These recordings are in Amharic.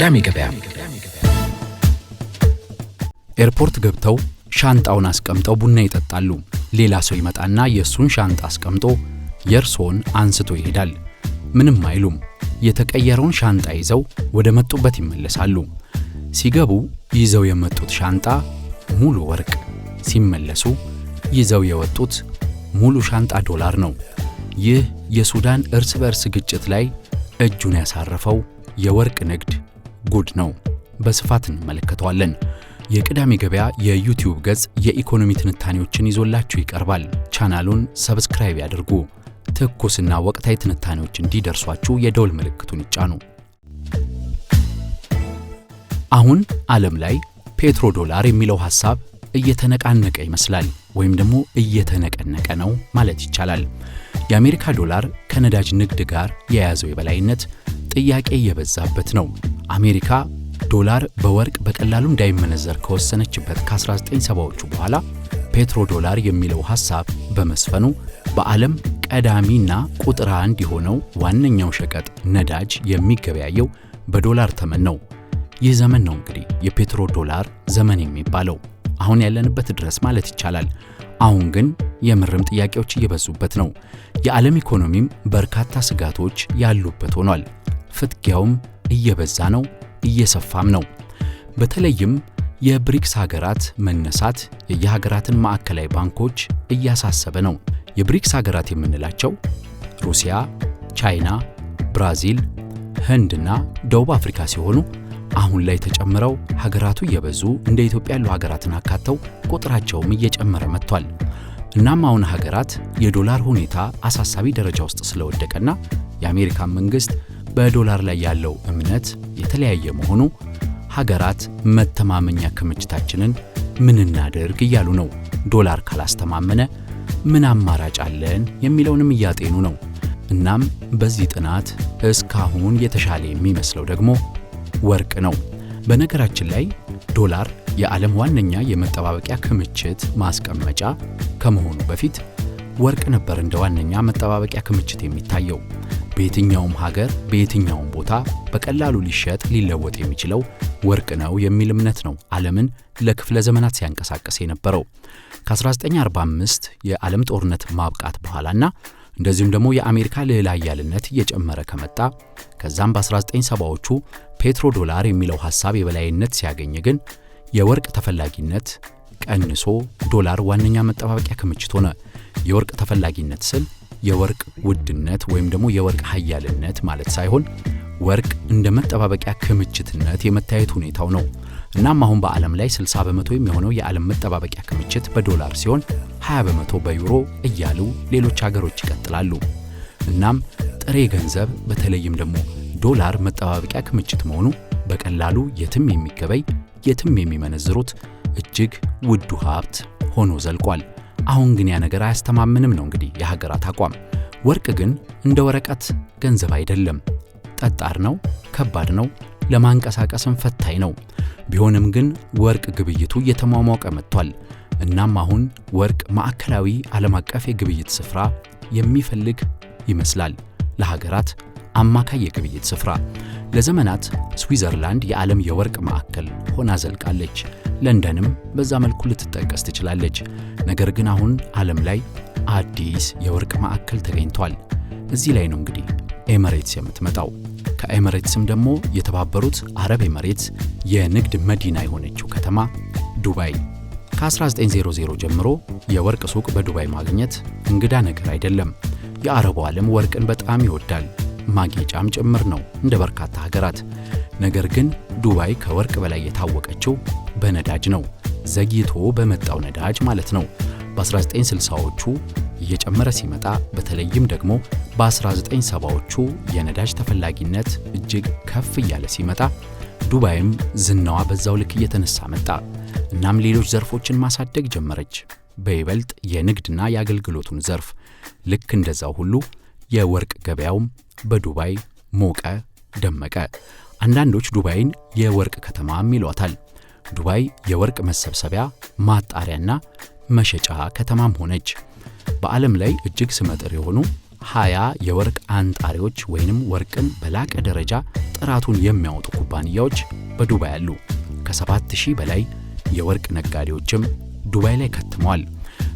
ቅዳሜ ገበያ ኤርፖርት ገብተው ሻንጣውን አስቀምጠው ቡና ይጠጣሉ። ሌላ ሰው ይመጣና የእሱን ሻንጣ አስቀምጦ የእርስዎን አንስቶ ይሄዳል። ምንም አይሉም። የተቀየረውን ሻንጣ ይዘው ወደ መጡበት ይመለሳሉ። ሲገቡ ይዘው የመጡት ሻንጣ ሙሉ ወርቅ፣ ሲመለሱ ይዘው የወጡት ሙሉ ሻንጣ ዶላር ነው። ይህ የሱዳን እርስ በእርስ ግጭት ላይ እጁን ያሳረፈው የወርቅ ንግድ ጉድ ነው። በስፋት እንመለከተዋለን። የቅዳሜ ገበያ የዩቲዩብ ገጽ የኢኮኖሚ ትንታኔዎችን ይዞላችሁ ይቀርባል። ቻናሉን ሰብስክራይብ ያድርጉ። ትኩስና ወቅታዊ ትንታኔዎች እንዲደርሷችሁ የደውል ምልክቱን ይጫኑ። አሁን ዓለም ላይ ፔትሮ ዶላር የሚለው ሐሳብ እየተነቃነቀ ይመስላል ወይም ደግሞ እየተነቀነቀ ነው ማለት ይቻላል። የአሜሪካ ዶላር ከነዳጅ ንግድ ጋር የያዘው የበላይነት ጥያቄ የበዛበት ነው። አሜሪካ ዶላር በወርቅ በቀላሉ እንዳይመነዘር ከወሰነችበት ከ1970ዎቹ በኋላ ፔትሮ ዶላር የሚለው ሐሳብ በመስፈኑ በዓለም ቀዳሚና ቁጥር አንድ የሆነው ዋነኛው ሸቀጥ ነዳጅ የሚገበያየው በዶላር ተመን ነው። ይህ ዘመን ነው እንግዲህ የፔትሮ ዶላር ዘመን የሚባለው አሁን ያለንበት ድረስ ማለት ይቻላል። አሁን ግን የምርም ጥያቄዎች እየበዙበት ነው። የዓለም ኢኮኖሚም በርካታ ስጋቶች ያሉበት ሆኗል። ፍትጊያውም እየበዛ ነው፣ እየሰፋም ነው። በተለይም የብሪክስ ሀገራት መነሳት የየሀገራትን ማዕከላዊ ባንኮች እያሳሰበ ነው። የብሪክስ ሀገራት የምንላቸው ሩሲያ፣ ቻይና፣ ብራዚል፣ ህንድና ደቡብ አፍሪካ ሲሆኑ አሁን ላይ ተጨምረው ሀገራቱ እየበዙ እንደ ኢትዮጵያ ያሉ ሀገራትን አካተው ቁጥራቸውም እየጨመረ መጥቷል። እናም አሁን ሀገራት የዶላር ሁኔታ አሳሳቢ ደረጃ ውስጥ ስለወደቀና የአሜሪካን መንግስት በዶላር ላይ ያለው እምነት የተለያየ መሆኑ ሀገራት መተማመኛ ክምችታችንን ምን እናደርግ እያሉ ነው። ዶላር ካላስተማመነ ምን አማራጭ አለን የሚለውንም እያጤኑ ነው። እናም በዚህ ጥናት እስካሁን የተሻለ የሚመስለው ደግሞ ወርቅ ነው። በነገራችን ላይ ዶላር የዓለም ዋነኛ የመጠባበቂያ ክምችት ማስቀመጫ ከመሆኑ በፊት ወርቅ ነበር እንደ ዋነኛ መጠባበቂያ ክምችት የሚታየው። በየትኛውም ሀገር በየትኛውም ቦታ በቀላሉ ሊሸጥ ሊለወጥ የሚችለው ወርቅ ነው የሚል እምነት ነው ዓለምን ለክፍለ ዘመናት ሲያንቀሳቀስ የነበረው። ከ1945 የዓለም ጦርነት ማብቃት በኋላና እንደዚሁም ደግሞ የአሜሪካ ልዕለ ኃያልነት እየጨመረ ከመጣ ከዛም በ1970ዎቹ ፔትሮ ዶላር የሚለው ሐሳብ የበላይነት ሲያገኝ ግን የወርቅ ተፈላጊነት ቀንሶ ዶላር ዋነኛ መጠባበቂያ ክምችት ሆነ። የወርቅ ተፈላጊነት ስል የወርቅ ውድነት ወይም ደግሞ የወርቅ ሀያልነት ማለት ሳይሆን ወርቅ እንደ መጠባበቂያ ክምችትነት የመታየት ሁኔታው ነው። እናም አሁን በዓለም ላይ 60 በመቶ የሚሆነው የዓለም መጠባበቂያ ክምችት በዶላር ሲሆን 20 በመቶ በዩሮ እያሉ ሌሎች ሀገሮች ይቀጥላሉ። እናም ጥሬ ገንዘብ በተለይም ደግሞ ዶላር መጠባበቂያ ክምችት መሆኑ በቀላሉ የትም የሚገበይ የትም የሚመነዝሩት እጅግ ውዱ ሀብት ሆኖ ዘልቋል። አሁን ግን ያ ነገር አያስተማምንም ነው እንግዲህ የሀገራት አቋም። ወርቅ ግን እንደ ወረቀት ገንዘብ አይደለም። ጠጣር ነው፣ ከባድ ነው፣ ለማንቀሳቀስም ፈታኝ ነው። ቢሆንም ግን ወርቅ ግብይቱ እየተሟሟቀ መጥቷል። እናም አሁን ወርቅ ማዕከላዊ ዓለም አቀፍ የግብይት ስፍራ የሚፈልግ ይመስላል። ለሀገራት አማካይ የግብይት ስፍራ ለዘመናት ስዊዘርላንድ የዓለም የወርቅ ማዕከል ሆና ዘልቃለች። ለንደንም በዛ መልኩ ልትጠቀስ ትችላለች። ነገር ግን አሁን ዓለም ላይ አዲስ የወርቅ ማዕከል ተገኝቷል። እዚህ ላይ ነው እንግዲህ ኤመሬትስ የምትመጣው። ከኤመሬትስም ደግሞ የተባበሩት አረብ ኤመሬትስ የንግድ መዲና የሆነችው ከተማ ዱባይ ከ1900 ጀምሮ የወርቅ ሱቅ በዱባይ ማግኘት እንግዳ ነገር አይደለም። የአረቡ ዓለም ወርቅን በጣም ይወዳል፣ ማጌጫም ጭምር ነው እንደ በርካታ ሀገራት። ነገር ግን ዱባይ ከወርቅ በላይ የታወቀችው በነዳጅ ነው። ዘግይቶ በመጣው ነዳጅ ማለት ነው። በ1960ዎቹ እየጨመረ ሲመጣ በተለይም ደግሞ በ1970ዎቹ የነዳጅ ተፈላጊነት እጅግ ከፍ እያለ ሲመጣ ዱባይም ዝናዋ በዛው ልክ እየተነሳ መጣ። እናም ሌሎች ዘርፎችን ማሳደግ ጀመረች፣ በይበልጥ የንግድና የአገልግሎቱን ዘርፍ። ልክ እንደዛው ሁሉ የወርቅ ገበያውም በዱባይ ሞቀ፣ ደመቀ። አንዳንዶች ዱባይን የወርቅ ከተማም ይሏታል። ዱባይ የወርቅ መሰብሰቢያ ማጣሪያና መሸጫ ከተማም ሆነች። በዓለም ላይ እጅግ ስመጥር የሆኑ ሀያ የወርቅ አንጣሪዎች ወይንም ወርቅን በላቀ ደረጃ ጥራቱን የሚያወጡ ኩባንያዎች በዱባይ አሉ። ከሰባት ሺህ በላይ የወርቅ ነጋዴዎችም ዱባይ ላይ ከትመዋል።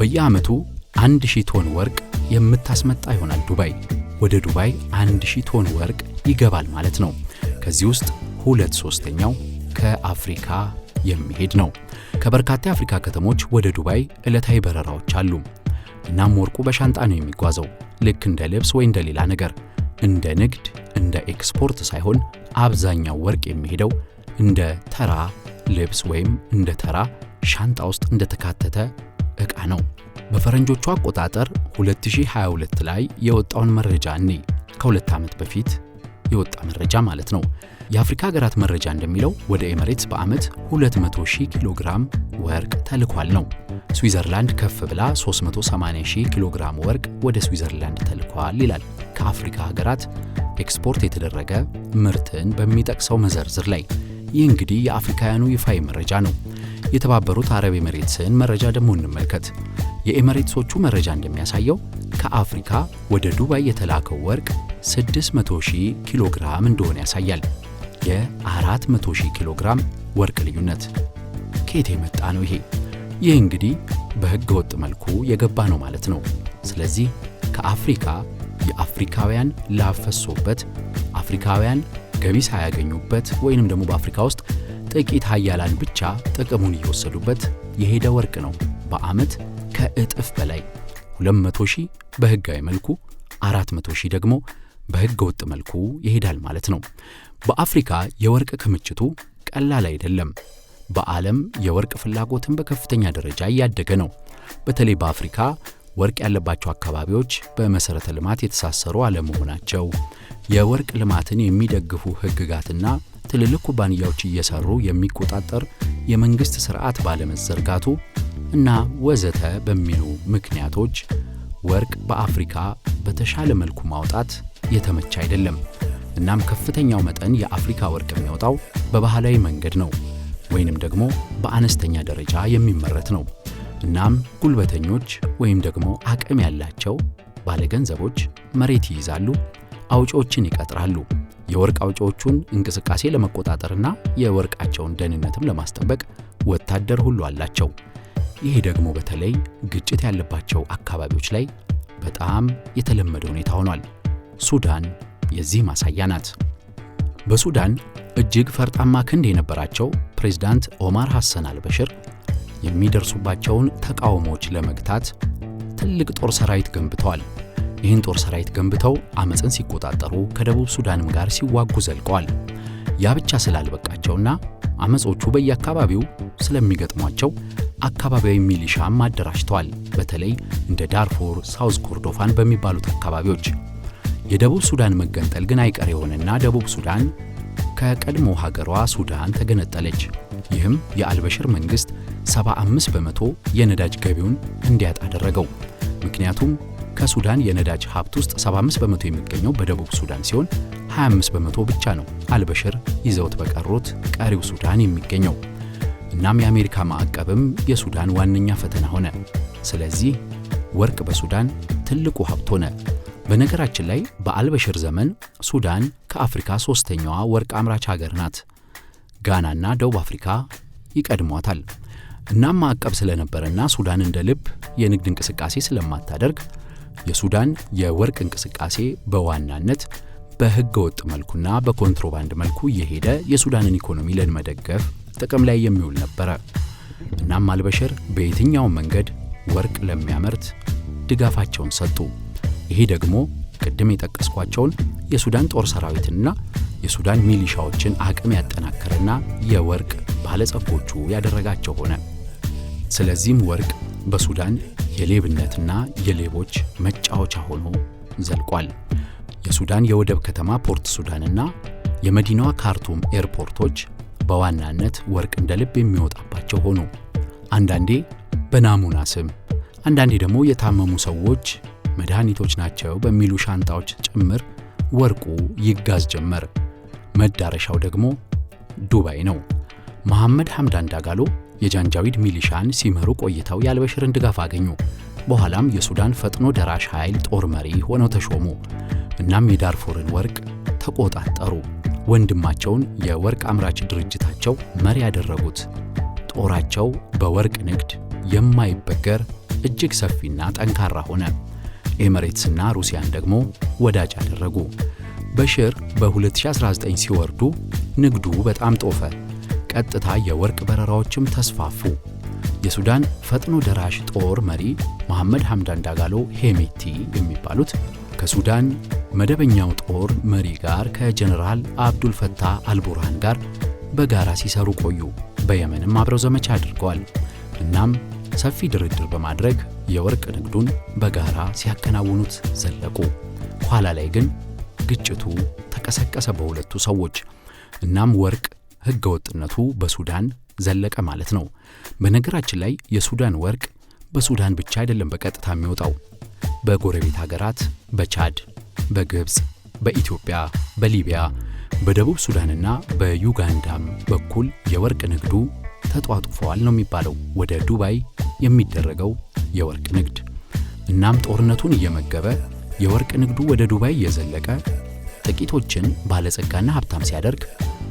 በየዓመቱ አንድ ሺህ ቶን ወርቅ የምታስመጣ ይሆናል ዱባይ። ወደ ዱባይ አንድ ሺህ ቶን ወርቅ ይገባል ማለት ነው። ከዚህ ውስጥ ሁለት ሶስተኛው ከአፍሪካ የሚሄድ ነው። ከበርካታ የአፍሪካ ከተሞች ወደ ዱባይ ዕለታዊ በረራዎች አሉ። እናም ወርቁ በሻንጣ ነው የሚጓዘው፣ ልክ እንደ ልብስ ወይ እንደ ሌላ ነገር፣ እንደ ንግድ፣ እንደ ኤክስፖርት ሳይሆን አብዛኛው ወርቅ የሚሄደው እንደ ተራ ልብስ ወይም እንደ ተራ ሻንጣ ውስጥ እንደተካተተ ዕቃ ነው። በፈረንጆቹ አቆጣጠር 2022 ላይ የወጣውን መረጃ እኔ ከሁለት ዓመት በፊት የወጣ መረጃ ማለት ነው። የአፍሪካ ሀገራት መረጃ እንደሚለው ወደ ኤምሬትስ በዓመት 200 ኪሎ ግራም ወርቅ ተልኳል ነው። ስዊዘርላንድ ከፍ ብላ 380000 ኪሎ ግራም ወርቅ ወደ ስዊዘርላንድ ተልኳል ይላል ከአፍሪካ ሀገራት ኤክስፖርት የተደረገ ምርትን በሚጠቅሰው መዘርዝር ላይ። ይህ እንግዲህ የአፍሪካውያኑ ይፋዊ መረጃ ነው። የተባበሩት አረብ ኤምሬትስን መረጃ ደግሞ እንመልከት። የኤምሬትሶቹ መረጃ እንደሚያሳየው ከአፍሪካ ወደ ዱባይ የተላከው ወርቅ 600 ኪሎ ግራም እንደሆነ ያሳያል። የ400 ሺህ ኪሎ ግራም ወርቅ ልዩነት ከየት የመጣ ነው ይሄ? ይህ እንግዲህ በሕገ ወጥ መልኩ የገባ ነው ማለት ነው። ስለዚህ ከአፍሪካ የአፍሪካውያን ላፈሶበት አፍሪካውያን ገቢ ሳያገኙበት ወይንም ደግሞ በአፍሪካ ውስጥ ጥቂት ሀያላን ብቻ ጥቅሙን እየወሰዱበት የሄደ ወርቅ ነው። በዓመት ከእጥፍ በላይ 200 ሺህ በህጋዊ መልኩ 400 ሺህ ደግሞ በህገ ወጥ መልኩ ይሄዳል ማለት ነው። በአፍሪካ የወርቅ ክምችቱ ቀላል አይደለም። በዓለም የወርቅ ፍላጎትን በከፍተኛ ደረጃ እያደገ ነው። በተለይ በአፍሪካ ወርቅ ያለባቸው አካባቢዎች በመሠረተ ልማት የተሳሰሩ አለመሆናቸው፣ የወርቅ ልማትን የሚደግፉ ህግጋትና ትልልቅ ኩባንያዎች እየሰሩ የሚቆጣጠር የመንግሥት ሥርዓት ባለመዘርጋቱ እና ወዘተ በሚሉ ምክንያቶች ወርቅ በአፍሪካ በተሻለ መልኩ ማውጣት የተመቸ አይደለም። እናም ከፍተኛው መጠን የአፍሪካ ወርቅ የሚወጣው በባህላዊ መንገድ ነው ወይንም ደግሞ በአነስተኛ ደረጃ የሚመረት ነው። እናም ጉልበተኞች ወይም ደግሞ አቅም ያላቸው ባለገንዘቦች መሬት ይይዛሉ፣ አውጪዎችን ይቀጥራሉ። የወርቅ አውጪዎቹን እንቅስቃሴ ለመቆጣጠርና የወርቃቸውን ደህንነትም ለማስጠበቅ ወታደር ሁሉ አላቸው። ይሄ ደግሞ በተለይ ግጭት ያለባቸው አካባቢዎች ላይ በጣም የተለመደ ሁኔታ ሆኗል። ሱዳን የዚህ ማሳያ ናት። በሱዳን እጅግ ፈርጣማ ክንድ የነበራቸው ፕሬዝዳንት ኦማር ሐሰን አልበሽር የሚደርሱባቸውን ተቃውሞዎች ለመግታት ትልቅ ጦር ሰራዊት ገንብተዋል። ይህን ጦር ሰራዊት ገንብተው አመፅን ሲቆጣጠሩ ከደቡብ ሱዳንም ጋር ሲዋጉ ዘልቀዋል። ያ ብቻ ስላልበቃቸውና አመጾቹ በየአካባቢው ስለሚገጥሟቸው አካባቢያዊ ሚሊሻም አደራጅተዋል። በተለይ እንደ ዳርፎር፣ ሳውዝ ኮርዶፋን በሚባሉት አካባቢዎች የደቡብ ሱዳን መገንጠል ግን አይቀር የሆነና ደቡብ ሱዳን ከቀድሞ ሀገሯ ሱዳን ተገነጠለች። ይህም የአልበሽር መንግሥት 75 በመቶ የነዳጅ ገቢውን እንዲያጣ አደረገው። ምክንያቱም ከሱዳን የነዳጅ ሀብት ውስጥ 75 በመቶ የሚገኘው በደቡብ ሱዳን ሲሆን 25 በመቶ ብቻ ነው አልበሽር ይዘውት በቀሩት ቀሪው ሱዳን የሚገኘው። እናም የአሜሪካ ማዕቀብም የሱዳን ዋነኛ ፈተና ሆነ። ስለዚህ ወርቅ በሱዳን ትልቁ ሀብት ሆነ። በነገራችን ላይ በአልበሽር ዘመን ሱዳን ከአፍሪካ ሦስተኛዋ ወርቅ አምራች ሀገር ናት። ጋናና ደቡብ አፍሪካ ይቀድሟታል። እናም ማዕቀብ ስለነበረና ሱዳን እንደ ልብ የንግድ እንቅስቃሴ ስለማታደርግ የሱዳን የወርቅ እንቅስቃሴ በዋናነት በሕገ ወጥ መልኩና በኮንትሮባንድ መልኩ እየሄደ የሱዳንን ኢኮኖሚ ለመደገፍ ጥቅም ላይ የሚውል ነበረ። እናም አልበሽር በየትኛውም መንገድ ወርቅ ለሚያመርት ድጋፋቸውን ሰጡ። ይሄ ደግሞ ቅድም የጠቀስኳቸውን የሱዳን ጦር ሰራዊትና የሱዳን ሚሊሻዎችን አቅም ያጠናከረና የወርቅ ባለጸጎቹ ያደረጋቸው ሆነ። ስለዚህም ወርቅ በሱዳን የሌብነትና የሌቦች መጫወቻ ሆኖ ዘልቋል። የሱዳን የወደብ ከተማ ፖርት ሱዳንና የመዲናዋ ካርቱም ኤርፖርቶች በዋናነት ወርቅ እንደ ልብ የሚወጣባቸው ሆኑ። አንዳንዴ በናሙና ስም፣ አንዳንዴ ደግሞ የታመሙ ሰዎች መድኃኒቶች ናቸው በሚሉ ሻንጣዎች ጭምር ወርቁ ይጋዝ ጀመር። መዳረሻው ደግሞ ዱባይ ነው። መሐመድ ሐምዳን ዳጋሎ የጃንጃዊድ ሚሊሻን ሲመሩ ቆይተው የአልበሽርን ድጋፍ አገኙ። በኋላም የሱዳን ፈጥኖ ደራሽ ኃይል ጦር መሪ ሆነው ተሾሙ። እናም የዳርፉርን ወርቅ ተቆጣጠሩ። ወንድማቸውን የወርቅ አምራች ድርጅታቸው መሪ ያደረጉት። ጦራቸው በወርቅ ንግድ የማይበገር እጅግ ሰፊና ጠንካራ ሆነ። ኤምሬትስና ሩሲያን ደግሞ ወዳጅ አደረጉ። በሽር በ2019 ሲወርዱ ንግዱ በጣም ጦፈ። ቀጥታ የወርቅ በረራዎችም ተስፋፉ። የሱዳን ፈጥኖ ደራሽ ጦር መሪ መሐመድ ሐምዳን ዳጋሎ ሄሜቲ የሚባሉት ከሱዳን መደበኛው ጦር መሪ ጋር ከጀነራል አብዱል ፈታህ አልቡርሃን ጋር በጋራ ሲሰሩ ቆዩ። በየመንም አብረው ዘመቻ አድርገዋል። እናም ሰፊ ድርድር በማድረግ የወርቅ ንግዱን በጋራ ሲያከናውኑት ዘለቁ። ኋላ ላይ ግን ግጭቱ ተቀሰቀሰ በሁለቱ ሰዎች። እናም ወርቅ ሕገወጥነቱ በሱዳን ዘለቀ ማለት ነው። በነገራችን ላይ የሱዳን ወርቅ በሱዳን ብቻ አይደለም በቀጥታ የሚወጣው በጎረቤት ሀገራት በቻድ፣ በግብፅ፣ በኢትዮጵያ፣ በሊቢያ፣ በደቡብ ሱዳንና በዩጋንዳም በኩል የወርቅ ንግዱ ተጧጡፈዋል ነው የሚባለው። ወደ ዱባይ የሚደረገው የወርቅ ንግድ። እናም ጦርነቱን እየመገበ የወርቅ ንግዱ ወደ ዱባይ እየዘለቀ ጥቂቶችን ባለጸጋና ሀብታም ሲያደርግ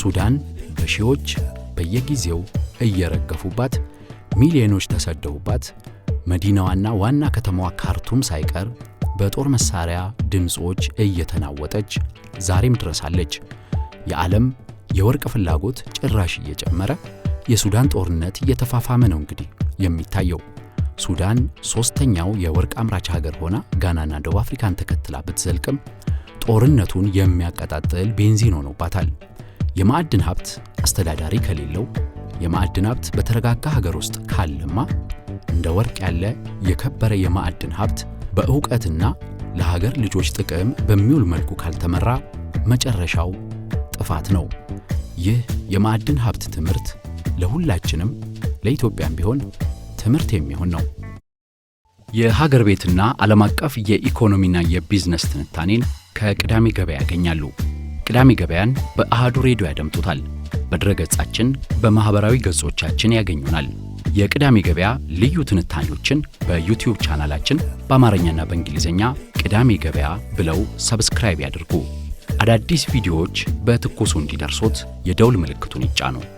ሱዳን በሺዎች በየጊዜው እየረገፉባት ሚሊዮኖች ተሰደውባት መዲናዋና ዋና ከተማዋ ካርቱም ሳይቀር በጦር መሳሪያ ድምፆች እየተናወጠች ዛሬም ድረሳለች። የዓለም የወርቅ ፍላጎት ጭራሽ እየጨመረ የሱዳን ጦርነት እየተፋፋመ ነው እንግዲህ የሚታየው። ሱዳን ሶስተኛው የወርቅ አምራች ሀገር ሆና ጋናና ደቡብ አፍሪካን ተከትላ ብትዘልቅም ጦርነቱን የሚያቀጣጥል ቤንዚን ሆኖባታል። የማዕድን ሀብት አስተዳዳሪ ከሌለው፣ የማዕድን ሀብት በተረጋጋ ሀገር ውስጥ ካለማ እንደ ወርቅ ያለ የከበረ የማዕድን ሀብት በእውቀትና ለሀገር ልጆች ጥቅም በሚውል መልኩ ካልተመራ መጨረሻው ጥፋት ነው። ይህ የማዕድን ሀብት ትምህርት ለሁላችንም ለኢትዮጵያም ቢሆን ትምህርት የሚሆን ነው። የሀገር ቤትና ዓለም አቀፍ የኢኮኖሚና የቢዝነስ ትንታኔን ከቅዳሜ ገበያ ያገኛሉ። ቅዳሜ ገበያን በአሃዱ ሬዲዮ ያደምጡታል። በድረገጻችን በማኅበራዊ ገጾቻችን ያገኙናል። የቅዳሜ ገበያ ልዩ ትንታኔዎችን በዩቲዩብ ቻናላችን በአማርኛና በእንግሊዝኛ ቅዳሜ ገበያ ብለው ሰብስክራይብ ያድርጉ። አዳዲስ ቪዲዮዎች በትኩሱ እንዲደርሶት የደውል ምልክቱን ይጫኑ።